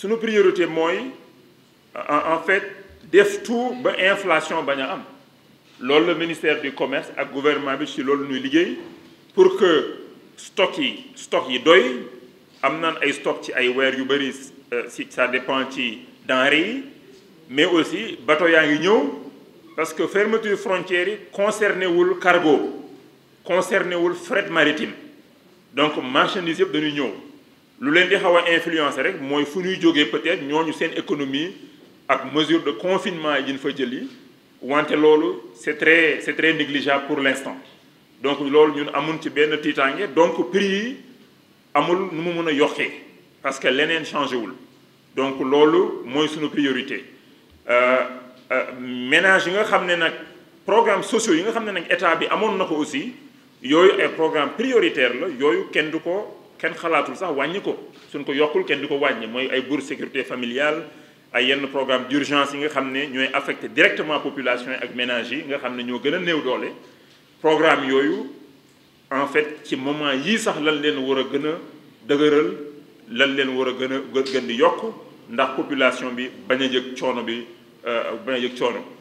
suñu priorité mooy en fait def tout ba inflation bañ a am loolu le ministère du commerce le gouvernement bi ci loolu pour que stock yi stock yi doy am nan ay stock ci si euh, ça dépend ci denrées mais aussi bateau yaa ngi ñëw parce que fermeture frontière frontières concerne wul cargo concerne wul fret maritime donc marchandise yëpp de l'union lu leen di xaw a influencer rek mooy fu ñuy jógee peut-être ñooñu seen économie ak mesure de confinement yi ñu fa jëli wante loolu c'est très c'est très négligeable pour l'instant donc loolu ñun amul ci benn tiitaange donc prix yi amul nu mu mën a yokkee parce que leneen changé wul donc loolu mooy sunu priorité euh, euh, ménage yi nga xam ne nag programme sociaux yi nga xam ne nag état bi amoon na ko aussi yooyu ay programme prioritaire la yooyu kenn du ko ken xalaatul sax wàññi ko suñ ko yokkul kenn di ko wàññi mooy ay bour sécurité familiale ay yenn programme d'urgence yi nga xam ne ñooy affecté directement population ak ménage yi nga xam ne ñoo gën a néew doole programme yooyu en fait ci moment yii sax lan leen war a gën a dëgëral lan leen war a gën a gën di yokk ndax population bi bañ a yëg coono bi euh, bañ a yëg coono